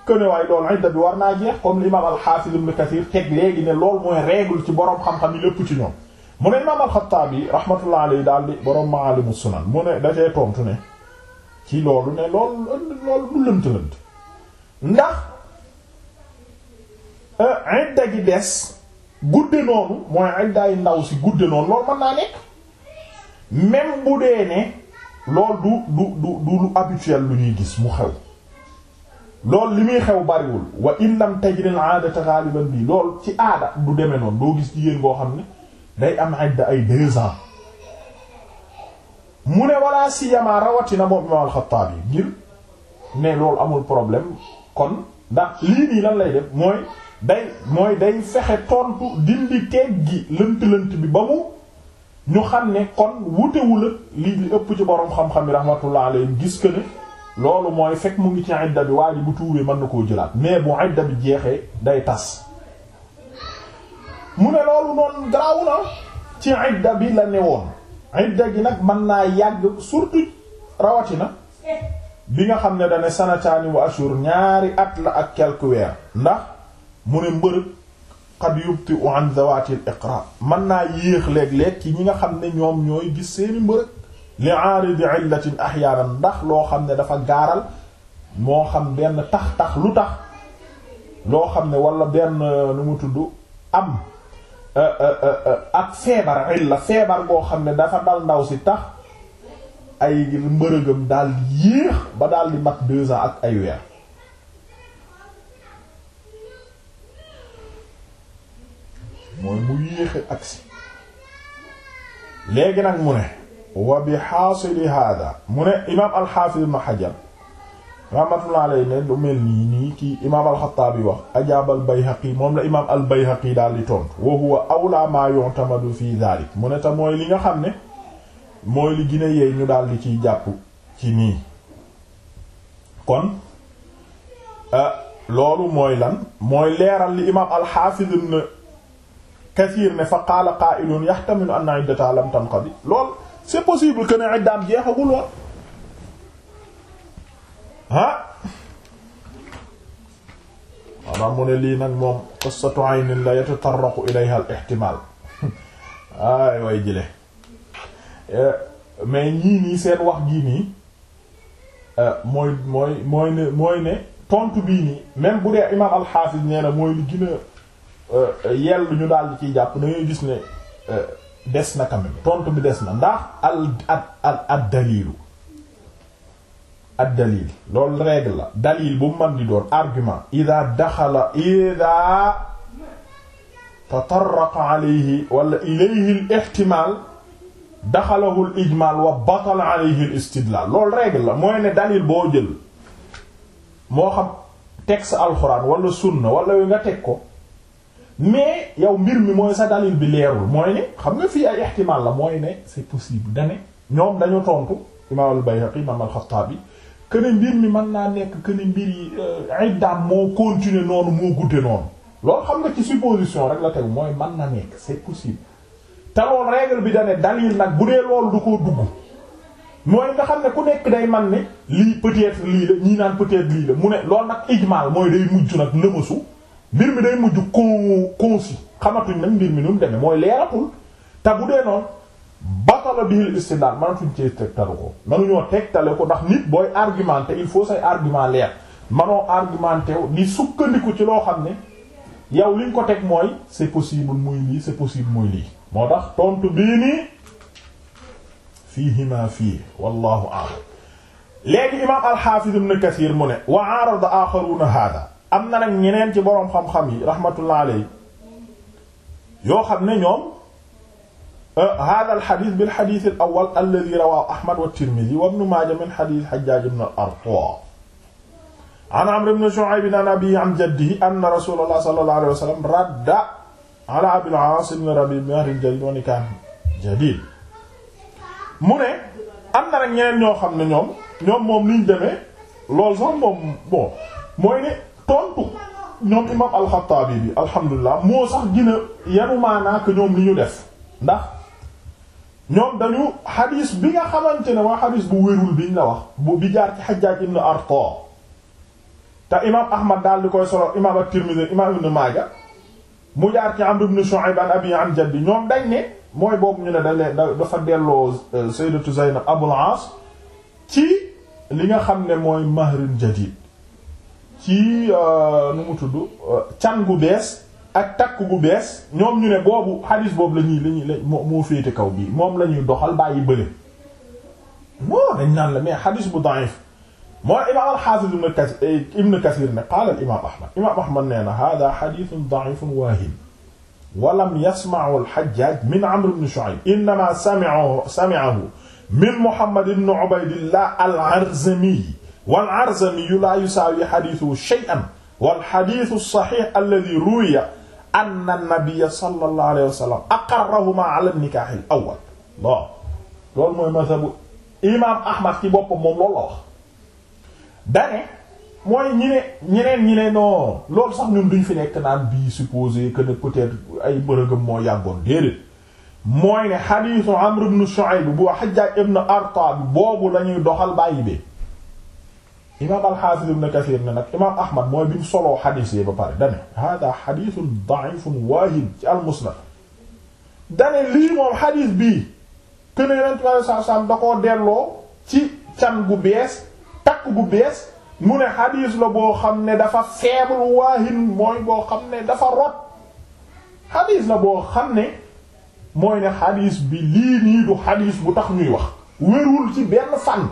këne waaye doon idda bi war naa jeex comme l'imam al-Hafiz ibn Kathir teg léegi ne loolu mooy règle ci boroom xam-xam yi lépp ci ñoom mu ne imaam al-Khattabi rahmatullah alayhi daal di boroom Maalim as-Sunan mu ne dafay tontu ne ci loolu ne loolu loolu du lënt-lënt ndax euh, idda gi des gudde noonu mooy ay daay ndaw si gudde noonu loolu mën naa nekk même bu dee ne loolu du du du du lu habituel lu ñuy gis mu xew loolu li muy xew bariwul wa in lam aadata ghaliban bi lool ci aada du demee noonu doo gis jigéen boo xam ne day am idda ay deux mu ne wala siyamaa rawatina moom imam al-Xattaab ngir ne loolu amul problème kon ndax lii nii lan lay def mooy day mooy day fexe tontu dindi teggi lënt-lënt bi ba mu ñu xam ne kon wutewul ak lii li ëpp ci borom xam-xam yi rahmatullah alayhi gis que loolu mooy fekk mu ngi ci idda bi waa bu tuubee mën na koo jëlaat mais bu idda bi jeexee day tas mu ne loolu noonu garaaw ci idda bi la ne woon idda gi nag mën naa yàgg surtout rawatina bi nga xam ne dane sanataani wa ashur ñaari at la ak quelques weer ndax mu ne mbërëg xad yubti an zawaatil iqra mën naa yéex léeg-léeg ci ñi nga xam ne ñoom ñooy gis seeni mbërëg li aaridi illatin ahyaanan ndax loo xam ne dafa gaaral moo xam benn tax-tax lu tax loo xam ne wala benn nu mu tudd am euh, euh, euh, ak feebar illa feebar boo xam ne dafa dal ndaw si tax ay mbërëgam daal yéex ba daal di mat deux ans ak ay weer mooy mu yéexe agsi léegi nag mu ne wa bi xaasili hada mu ne imaam alxaafis ibn xajar rahmatullah alayhi ne lu mel nii nii kii imaam alxataabi wax ajaab albayhaqi moom la imaam albayhaqi daal di tontu wa huwa awla ma yu'tamadu fi dhalik mu ne mooy li nga xam ne mooy li gine yeey ñu daal di ciy jàpp ci nii kon ah, loolu mooy lan mooy leeral li imaam alxaafis ibn Kathir ne fa qaala qaa'ilun yahtamilu anna iddataha lam tanqadi lool c'est possible que ne iddaam jeexagul woon ah maanaam mu ne lii nag moom qissatu aynin la yatatarraqu ilayha al ihtimal ay way jële eh, mais ñii nii seen wax gii nii eh, mooy mooy mooy ne mooy ne tontu bii nii même bu dee imaam al nee na mooy li gën a Euh, euh, yell ñu daal di ci jàpp da ngay gis ne euh, des na quand même tontu bi des na ndax al al ad dalilu ad dalil loolu règle la dalil bu man di doon argument ida daxala ida tatarraqa alayhi wala ilayhi al daxalahu al ijmal wa batala alayhi mooy ne dalil boo jël moo xam texte alxuraan wala sunna wala wi nga teg ko mais yow mbir mi mooy sa dalil bi leerul mooy ne xam nga fii ay ihtimal la mooy ne c'est possible dane ñoom dañu tontu imaam al-Bayhaqi imaam al-Khattabi que mbir mi man naa nekk que ne mbir yi euh, iddaam moo continuer noonu moo gudde noonu loolu xam nga ci supposition rek la tegu mooy man na nekk c'est possible te loolu règle bi dane dalil nag bu dee loolu du koo dugg mooy nga xam ne ku nekk day man ne lii peut-être lii la ñii naan peut-être lii la mu ne loolu nag ijmal mooy day mujj mbir mi day mujj con concis xamatuñ nag mbir mi nu mu demee mooy leeratul te bu dee noonu batala biil istindaar mënatuñ cee tegtalu ko mënuñoo tegtale ko ndax nit booy argumenter il faut say argument leer manoo argumenter wu di sukkandiku ci loo xam ne yow liñ ko teg mooy c'est possible muy lii c'est possible muy lii moo tax tontu bii nii fiihima fii wallahu a'lam léegi imaam al-Hafiz ibn mu ne wa arada hada am na nag ñeneen ci boroom xam-xam yi rahmatullah aley yoo xam ne ñoom euh, hada al xadis bil xadis al awal alladi rawaahu ahmad wa tirmidi wa ibnu maaja min xadis xajjaaj ibn al artaa an amr ibn shu'ayb an abiihi an jaddihi anna rasulallah sallallahu alayhi wa sallam radda ala abil aas ibn rabi' bi mahrin jadiid wa nikaahin jadiid mu ne am na nag ñeneen ñoo xam ne ñoom ñoom moom liñ demee loolu sax moom bon mooy ne tontu ñoom imam alxataabi bi alhamdulilah moo sax gën a yanu maanaa ñoom li ñu def ndax ñoom dañu xadis bi nga xamante ne waa xadis bu wérul biñ nga wax bu bi jaar ci Hajjaj ibn Arta te imaam Ahmad daal di koy solo imaam at-Tirmidhi imaam ibn Maaja mu jaar ci Amr ibn Shu'ayb an abi an jaddi ñoom dañ ne boobu ñu ne dañ leen dafa delloo euh, Sayyidatu Zaynab Abul Aas ci li nga xam ne mooy mahrun jadid ci euh, nu mu tudd euh, can gu bees ak takk gu bees ñoom ñu ne boobu xadis boobu la ñuy la ñuy la moo féete kaw bii moom la ñuy doxal bàyyi bële non dañ naan la mais xadis bu da'if moo imam al-Hafiz ibn Kathir eh, ibn Kathir ne qaala al-imam Ahmad imam Ahmad nee na hada xadithun da'ifun waahin wa lam yasma'u al-Hajjaj min Amr ibn Shu'ayb innama sami'ahu sami'ahu min Muhammad ibn Ubaydillah al-Arzami wal arzamiyu laa yusaawi xadiisuhu shay'an wal xadiisu saxiix alladi ruwiya anna nabiyya sallallahu alayhi wa sallam aqarrahumaa ala nikaaxil awwal bon loolu mooy mazhabu imaam Ahmad ci boppam moom loolu la wax. mooy ñi ne ñeneen ñi ne non loolu sax ñun duñ fi nekk naan bii ay bërëgëm moo yàggoon déedéet. mooy ne xadiisu Amr ibn Shu'ayb bu Hajjaaj ibn Arta bi boobu la ñuy doxal bàyyi bee. imaam al-Hafiz ibn Kathir ne nag imaam Ahmad mooy bi mu soloo xadiis yi ba pare dane hada xadiisun da'ifun ci al-Musnad dane lii xadiis bii kën a Yonent bi sallallahu alayhi wasallam da koo delloo ci can gu bees takk gu bees mu ne xadiis la boo xam ne dafa faible waahid mooy boo xam ne dafa rot xadiis la boo xam ne mooy ne xadiis bi lii nii du xadiis bu tax ñuy wax wérul ci benn fan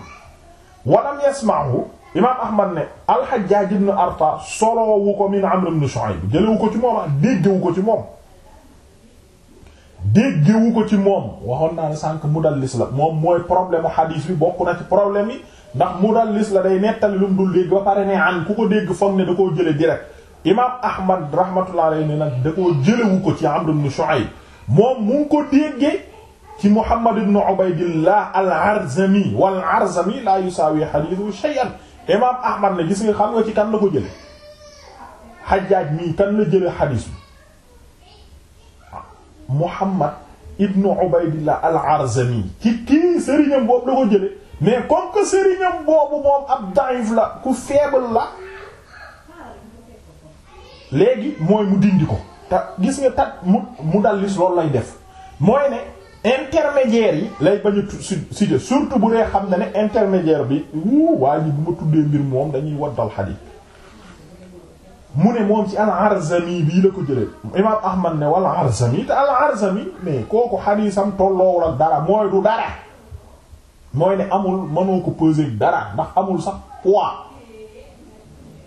walam yasma'u imaam ahmad ne al-Hajjaj ibn Arta soloowu ko min Amr ibn Shu'ayb jëlewu ko ci moom ah déggewu ko ci moom déggewu ko ci moom waxoon naa ne sànq mudallis la moom mooy problème xadiis bi bokk na ci problème yi ndax mudallis la day nettali lu mu dul dégg ba ne an ku ko dégg foog ne da koo jële direct imaam ahmad rahmatullah alayhi ne nag da koo jëlewu ko ci Amr ibn Shu'ayb moom mu ngi ko déggee ci Muhammad ibn Ubaydillah al-Arzami wal-Arzami la yusaawi hadithu shay'an imaam ahmad ne gis nga xam nga ci kan la ko jële xajaaj mii kan la jële xadiis bi muhammad ibnu ubaydillah al arzami ci kii sëriñam boobu la ko jële mais comme que sëriñam boobu moom ab daif la ku faible la léegi mooy mu dindi ko te gis nga tat mu mu dallis loolu lay def mooy ne intermédiaire yi lay bañ si cité surtout bu dee xam ne ne intermédiaire bi wuu waa ji ma tuddee mbir moom dañuy waddal xadiis mu ne moom ci al-Arzami bii la ko jëlee imaam Ahmad ne wal Arzami te al-Arzami mais kooku xadiisam tolloowul ak dara mooy du dara mooy ne amul mënoo ko peser dara ndax amul sax poids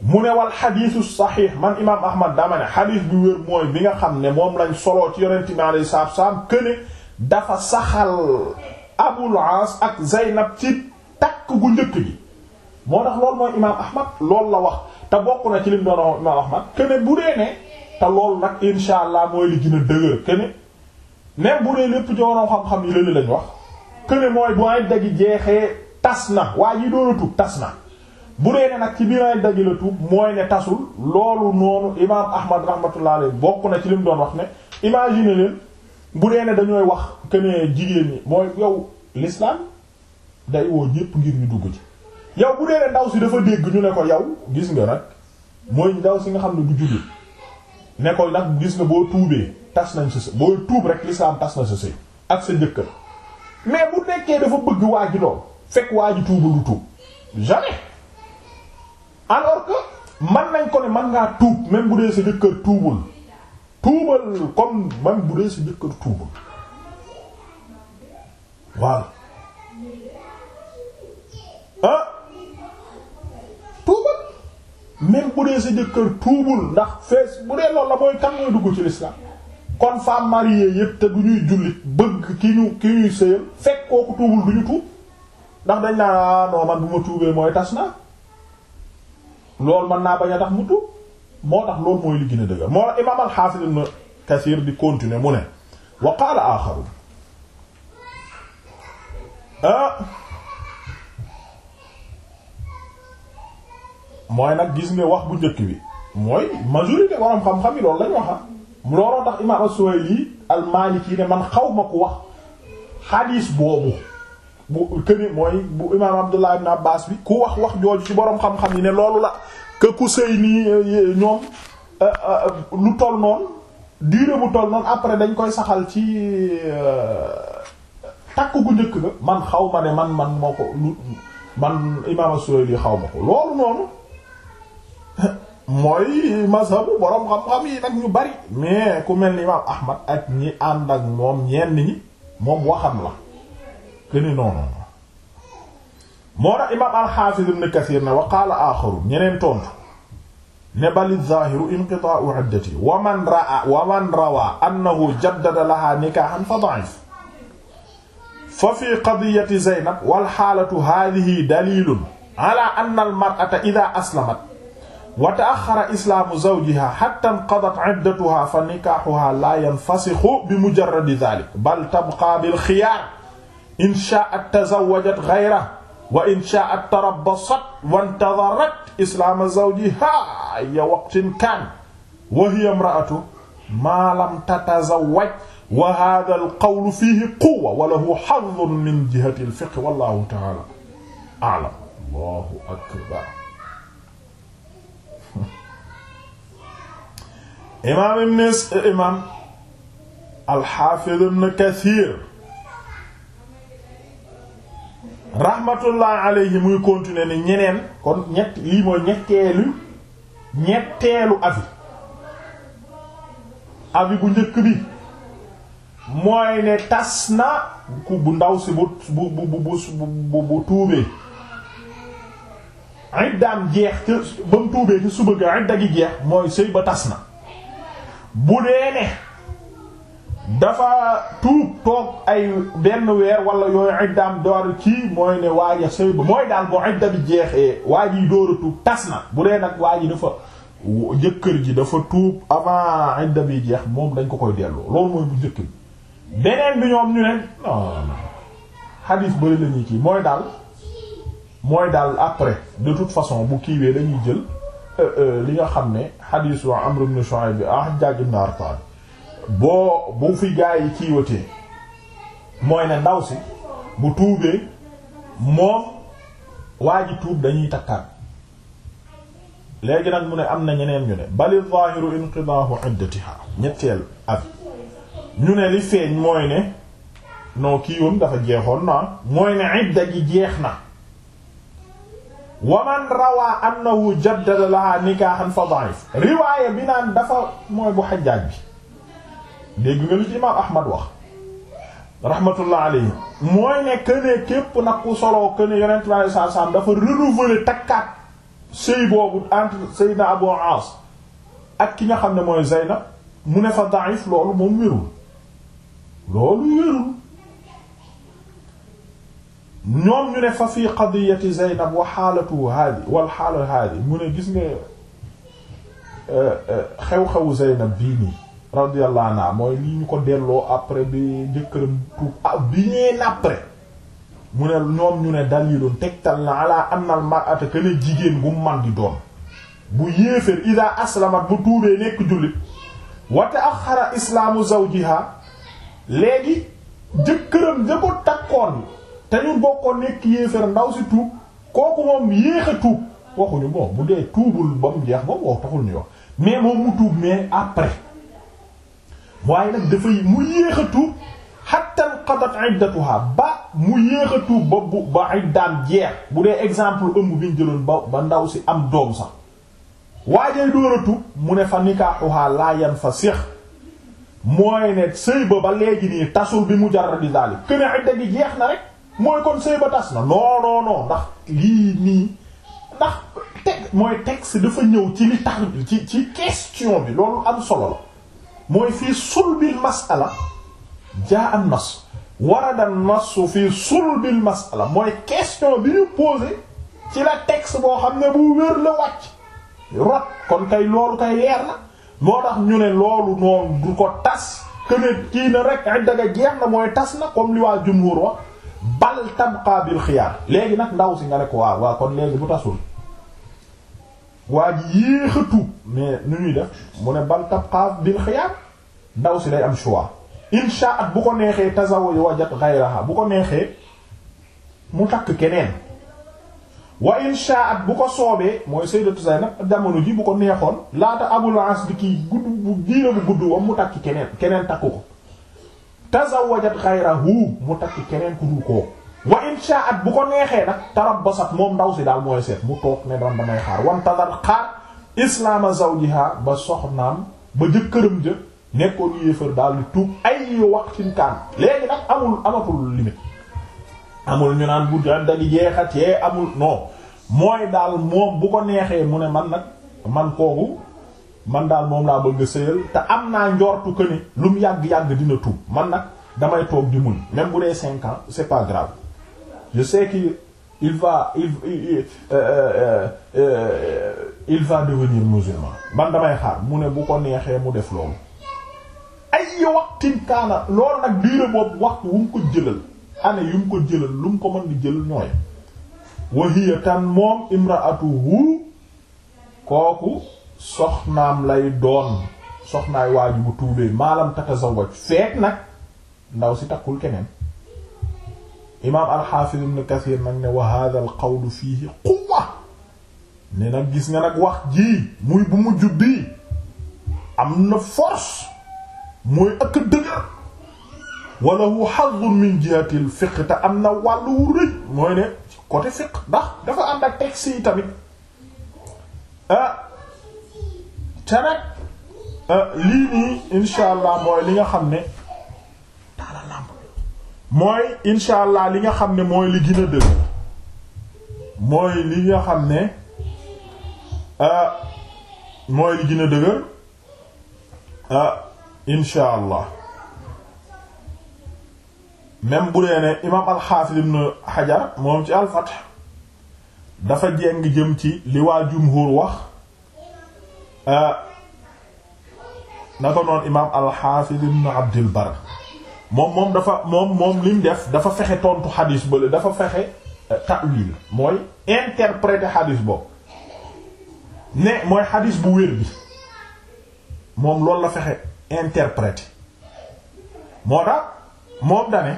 mu ne wal xadiisu saxiix man imaam Ahmad dama ne xadiis bi wér mooy bi nga xam ne moom lañ solo ci yonent mi alayhi salaatu wa këne dafa saxal Abul Aas ak Zaynab ci takk gu njëkk gi moo tax loolu mooy imaam Ahmad loolu la wax te bokk na ci lim doon imaam Ahmad kene bu dee ne te lool nag insha allah mooy li gën a dëgër kene même bu dee lépp joonoo xam-xam yi lëli lañ wax kene mooy bu ay dagi jeexee tas na waaye yi doon a tub tas na bu dee ne nag ci biir ay dagi la tub mooy ne tasul loolu noonu imaam Ahmad rahmatullah alayhi bokk na ci lim doon wax ne imagine leen bu dee ne dañooy wax que jigéen ñi mooy yow l'islam day woo ñépp ngir ñu dugg ci yow bu dee ne ndaw si dafa dégg ñu ne ko yow gis nga nag mooy ndaw si nga xam ne du jullit ne ko nag gis nga boo tuubee tas nañ sa sëy boo tuub rek l'islam tas na sa sëy ak sa jëkkër mais bu nekkee dafa bëgg waa ji fekk waa ji tuuba lu tuub jamais alors que man nañ ko ne man ngaa tuub même bu dee sa jëkkër tuubul tuubal comme man bu dee si jëkkër tuubal waaw ah tuubal même bu dee sa jëkkër tuubul ndax fees bu dee loolu la mooy kan mooy dugg ci l'islam kon femme mariée yépp te du ñuy jullit bëgg ki ñu ki ñuy sëyal fekk kooku tuubul du ñu tuub ndax dañ naa ah, non man bu ma tuubee mooy tas na loolu mën naa bañ a tax mu tuub moo tax loolu mooy li gën a dëgër moo tax imaam al-Hafiz ibn di continuer mu ne wa qaala aaxarun ah, mooy nag gis nga wax bu njëkk bi mooy majorité borom xam-xam yi loolu lañ wax looloo tax imaam as-Suhayli al-Maliki ne man xaw ma ko wax xadiis boobu bu këne mooy bu imaam Abdullah ibn Abbas bi ku wax wax jooju ci borom xam-xam yi ne loolu la que ku sëy nii eh, eh, ñoom eh, lu toll noonu durée bu toll noonu après dañ koy saxal ci takk ku njëkk ga man xaw ne man man moo ko lu man imaam as-Suyuti xaw ma ko loolu noonu mooy mazhabu boroom xam-xam yi nag ñu bari mais ku mel ni imaam Ahmad ak ñi ànd ak moom ñenn ñi moom waxam la que ni non moo tax imaam alxaafiz ibn Kasiir ne wa qaala aaxarun ñeneen tontu ne bali zaahiru inqitaa'u iddati wa man raa wa man rawaa annahu jaddada lahaa nikaahan fa da'if fa fii qadiyati Zeynab wal xaalatu haadihi daliilun alaa anna al-mar'ata idaa aslamat wa ta'axxara islaamu zawjihaa hattaa inqadat iddatuhaa fa nikaahuhaa laa yanfasixu bi mujarradi zaalika bal tabqaa bil xiyaar in shaa'at tazawwajat ghayrahu wa in sha'at tarabbasat wantadharat islaama zawjiha ya waqtin kaan wa hiya imra'atu maa lam tatazawwaj wa haadha al-qawlu fiihi quwwa wa lahu hazzun min jihati al-fiqh wallaahu ta'aala a'lam. Allahu akbar. imaam ibn imaam al-Haafiz ibn Kathiir rahmatullah yi muy continuer ni ñeneen kon ñett lii mooy ñetteelu ñetteelu avis avis bu njëkk bi mooy ne tas na ku bu ndaw si bu bu bu bu bu tuubee iddaam jeex ca ba tuubee ci suba ga idda gi jeex mooy sëy ba tas na bu dee ne dafa tuub toog ay benn weer wala yooyu iddaam door kii mooy ne waaja sëy mooy daal bu idda bi jeexee waa jiy tas na bu dee nag waa ji dafa jëkkër ji dafa tuub avant idda bi jeex moom dañ ko koy delloo loolu mooy bu njëkk bi beneen bi ñoom ñu ne xadiis bari la kii mooy daal mooy daal après de toute façon bu kiiwee dañuy jël euh, euh, li nga xam ne xadiisu am ibn Shu'ayb bi ah Hajjaj ibn Arta boo bu fi gaa yi kiiwatee mooy ne ndaw si bu tuubee moom waa ji tuub dañuy takkaat léegi nag mu ne am na ñeneen ñu ne bali zahiru inqidahu iddatiha ñetteel ab ñu ne li feeñ mooy ne non kiiwam dafa jeexoon na mooy ne idda ji jeex na waman rawaa annahu jaddada laha nikahan fa da'if riwaaya bi naan dafa mooy bu xajaaj bi dégg nga li ci imaam Ahmad wax rahmatullah alayhi mooy ne këne képp nag ku soloo këne yonent bi alayhi salaam dafa renouveler takkaat sëy boobu entre Seydina Abu Aas ak ki nga xam ne mooy Zeynab mu ne fa da'if loolu moom wérul loolu wérul ñoom ñu ne fa fii qadiyati Zeynab wa xaalatu haadi wal xaalatu haadi mu ne gis nga eh, eh, xew-xewu Zeynab bii nii radiyallahu anha mooy lii ñu ko delloo après bi jëkkëram tuub ah bi ñeen après mu ne ñoom ñu ne dalilun tegtal na am anna al mar'ata que ne jigéen bu man di doon bu yéeféer ida aslamat bu tuubee nekk jullit wa ta'akhkhara islaamu zawjiha léegi jëkkëram ja ko takkoon te ñu bokkoon nekk yéeféer ndaw si tuub kooku moom yéex a tuub waxuñu bon bu dee tuubul ba mu jeex ba taxul ñu wax mais moom mu tuub mais après waaye nag dafay mu yéex a tuub hatta qadat iddatuha ba mu yéex a tuub ba bu jeex bu dee exemple ëmb biñ ñu jëloon ba ba ndaw si am doom sax waajay door mu ne fa nikaaxuha fa séex mooy ne sëy ba léegi nii tasul bi mujarradi zalim këne idda gi jeex na rek mooy kon sëy ba tas na non non non ndax lii nii ndax teg mooy texte dafa ñëw ci li tax ci ci question bi loolu am solo la mooy fii sulbil masala jaa an nas warada nas fii sulbil masala mooy question bi ñu posé ci la texte boo xam ne bu wér la wàcc rot kon kay loolu kay leer na moo tax ñu ne loolu noonu du ko tas que ne kii na rek ay daga jeex na mooy tas na comme li waa jumhur wax bal tabqa bil xiyaar léegi nag ndaw si nga ne ko waaw waaw kon léegi bu tasul waa ji yéex a tuub mais nu ñuy def mu ne bal tabqa bil xiyaar ndaw si day am choix insha at bu ko neexee tazawwaj wajat ghayraha bu ko neexee mu takk keneen wa insha at bu ko soobee mooy sayyidatu Zaynab jamono ji bu ko neexoon laata Abul As ki kii gudd bu diina gudd wam mu takk keneen keneen takku ko tazawwajat ghayrahu mu takk keneen ku dul kooku wa insha'at bu ko neexee nag tarabbasat moom ndaw si daal mooy seet mu toog ne doon damay xaar wantazar xaar islaama zawjiha ba soxnaam ba jëkkëram ja nekkoon yéefar daal di tuub ay waqtin kaan léegi nag amul amatul limite amul ñu naan bu dadi jeexat yee amul non mooy daal moom bu ko neexee mu ne man nag man kooku man daal moom laa bëgg sëyal te am naa njortu que lu mu yàgg-yàgg dina tuub man nag damay toog di muñ même bu dee cinq ans c'est je sais qu'il va euh, euh, euh, il va devenir musulman man damay xaar mu ne bu ko neexee mu def loolu ay waxtin kaana loolu nag diire boobu waxtu wu mu ko jëlal année yu mu ko jëlal lu mu ko mën di jëlal ñooy wa hiya tan moom imraatuhu kooku soxnaam lay doon soxnaay waaju bu tuubee maalam tatazawwaj feek nag ndaw si takkul keneen imaam alxaafiz ibn kathir nag ne wa hadha al qawlu fiihi quwwa ne nga nag wax jii muy bu mujj bii am na force mooy ak dëgër wala hu hazzun min jihati al fiqh te am na wàllu wu rëy ne ci côté fiqh ndax dafa ànd ak texte yi tamit ah, ah lii nii insha allah mooy li nga xam ne mooy incha allah li nga xam ne mooy li gën a dëgg mooy li nga xam ne ah mooy li gën a dëgër ah allah même bu dee ne imaam alxaafis ibn xajar moom ci alfath dafa jeng jëm ci li waa jumhur wax ah na ko noon imaam alxaafis ibn abdul bar moom moom dafa moom moom li def dafa fexe tontu xadis bële dafa fexe euh, ta'wil mooy interpréter xadis boobu ne mooy xadis bu wér bi moom loolu la fexe interpréter moo tax moom dane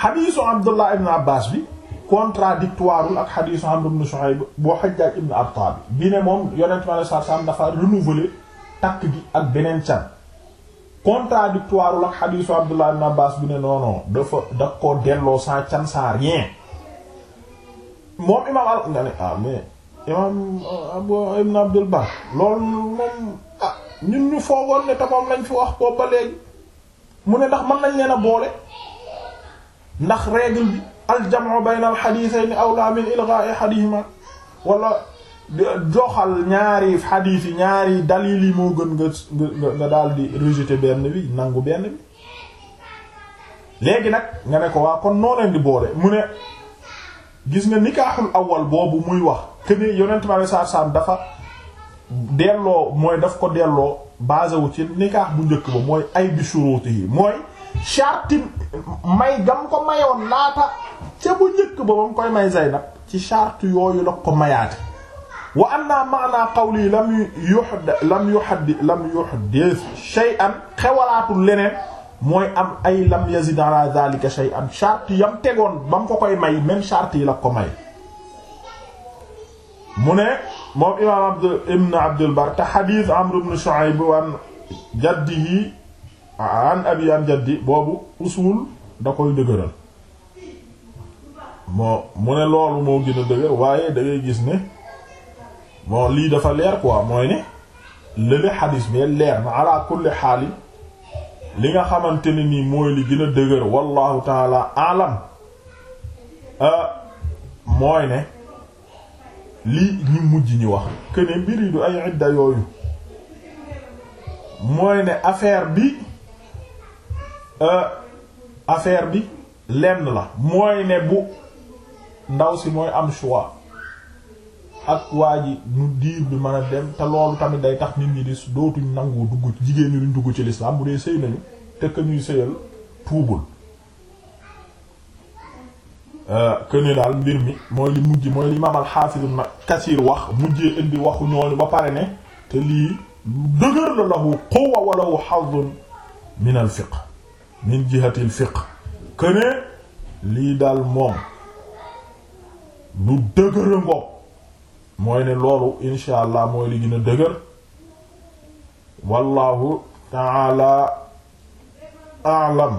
xadisu Abdullah ibn Abbas bi contradictoireul ak xadisu Amr ibn Shuhayb boo Hajjaj ibn Arta bi bi ne moom yonent mi sallallahu alayhi wasallam dafa renouveler takk gi ak beneen can contradictoire ak xadiisu Abdullah ibn Abbas bi ne non non dafa da koo delloo sans can sans rien moom imaam al nga ne ah mais imaam Abu ibn Abdul Bar loolu moom ah ñun ñu foogoon ne te moom lañ fi wax boobu ba mu ne ndax mën nañ leen a boole ndax règle bi al jam'u bayna al hadithayni awla min ilgha'i hadithima wala joxal ñaari xadiis ñaari dalil yi moo gën nga nga daal di rejeter benn bi nangu benn bi léegi nag nga ne ko waa kon noo leen di boole mu ne gis nga nikaaxul awal boobu muy wax que ne yonent ma saa saam dafa delloo mooy daf ko delloo basé wu ci nikaax bu njëkk ba mooy ay bi suruuti yi mooy charti may gam ko mayoon laata ca bu njëkk ba ba mu koy may Zaynab ci charte yooyu la ko mayaate. wa anna maana qawli lam yuhd lam yuhd lam yuhdith shay'an xewalaatul leneen mooy am ay lam yazid ala dhalika shay'an charte yam tegoon ba mu ko koy may même charte yi la ko may mu ne moom imaam abd ibn abdul bar te xadis amr ibn shu'ayb an jaddihi an abi an jaddi boobu usul da koy dëgëral moo mu ne loolu moo gën a dëgër waaye da ngay gis ne bon lii dafa leer quoi mooy ne lële xadis bi leer na ala kulli xaali li nga xamante ne nii mooy li gën a dëgër wallahu taala alam euh, mooy ne lii ñu mujj ñi wax que ne mbir du ay idda yooyu mooy ne affaire bi euh, affaire bi lenn la mooy ne bu ndaw si mooy am choix ak waa ji nu diir bi mën a dem te loolu tamit day tax nit ñi di dootuñ nangu dugg jigéen ñu duñ dugg ci lislaam bu dee sëy nañu te que ñuy sëyal tuubul euh, ni daal mbir mi mooy li mujj mooy li imaam al-Hafiz Ibn Kathir wax mujjee indi waxu ñooñu ba pare ne te lii dëgër la lahu quwwa wa lahu hazzun min al-fiqh min jihati al-fiqh këne lii daal moom lu dëgër a ngoog mooy ne loolu insha allah mooy li gën a dëgër wallahu taala alam